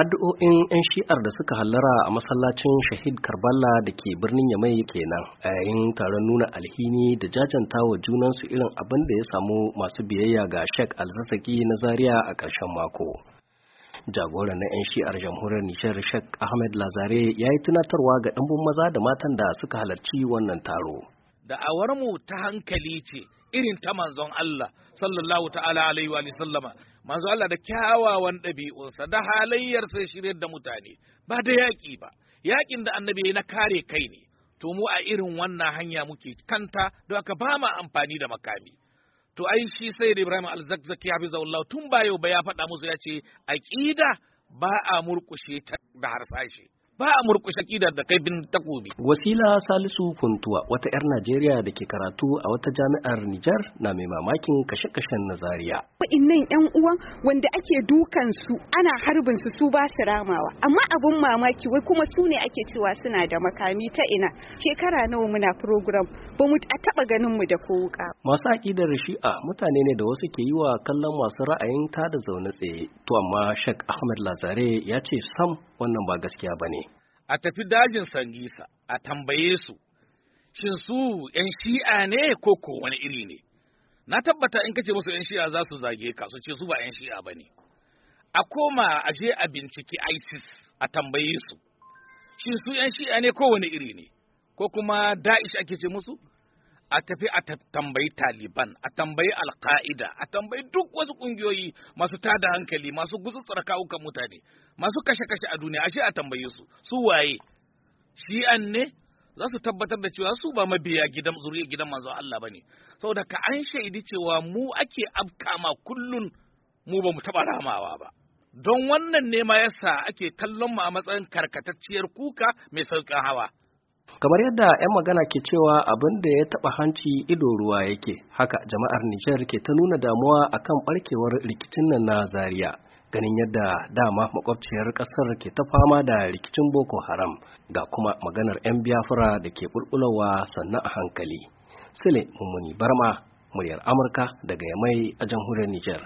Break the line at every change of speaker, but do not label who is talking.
addu'o'in 'yan shi'ar da suka hallara a masallacin shahid karbala da ke birnin yamai kenan a yayin taron nuna alhini da jajanta wa junansu irin abin da ya samu masu biyayya ga shek alzazzaki na zaria a ƙarshen mako jagoran na 'yan shi'ar jamhuriyar nishar shek ahmed lazare ya yi tunatarwa ga ɗanbun maza da matan da suka halarci wannan taro
da'awarmu ta hankali ce irin ta manzon Allah sallallahu ta'ala alaihi wa sallama manzon Allah da kyawawan ɗabi'unsa da halayyarsa shiryar da mutane ba da yaƙi ba yaƙin da annabi na kare kai ne to mu a irin wannan hanya muke kanta don aka ba mu amfani da makami to ai shi sai da Ibrahim al-Zakzaki hafizahullah tun ba yau ba ya faɗa musu ya ce aqida ba a murƙushe ta da harsashi ba a murƙushe kidar da kai bin takobi.
Wasila Salisu Funtuwa wata 'yar Najeriya da ke karatu a wata jami'ar Nijar na mai mamakin kashe-kashen na Zaria.
Wa'innan 'yan uwan wanda ake dukan su ana harbin su su ba su ramawa amma abun mamaki wai kuma su ne ake cewa suna da makami ta ina shekara nawa muna program ba mu a taba ganin mu da kowuka.
Masu aƙidar shi'a mutane ne da wasu ke yi wa kallon masu ra'ayin ta da zaune tsaye to amma Sheikh Ahmed Lazare ya ce sam wannan ba gaskiya ba ne.
a tafi dajin Sangisa a tambaye su, shin su ‘yan shi'a ne ko ko wani iri ne? Na tabbata in kace musu ‘yan shi'a za su zage ka su ce su ba ‘yan shi'a ba ne. A koma a je a binciki ISIS a tambaye su, shin su ‘yan shi'a ne ko wani iri ne? Ko kuma Da'ish ake ce musu? a tafi a tambayi taliban a tambayi alka'ida a tambayi duk wasu kungiyoyi masu tada hankali masu gutsutsura kawukan mutane masu kashe-kashe a duniya ashe a tambaye su su waye shi'an ne za su tabbatar da cewa su ba mabiya gidan zuri gidan manzo Allah bane saboda ka an shaidi cewa mu ake afkama kullun mu ba mu taba ramawa ba don wannan ne ma yasa ake kallon mu a matsayin karkatacciyar kuka mai sauƙin hawa
kamar yadda 'yan magana ke cewa abin da ya taba hanci ido ruwa yake haka jama'ar niger ke ta nuna damuwa akan barkewar rikicin nan na zaria ganin yadda dama makwabciyar kasar ke ta fama da rikicin boko haram ga kuma maganar 'yan biyafura da ke bulbulawa sannan a hankali sile mummuni barma muryar amurka daga yamai a jamhuriyar niger.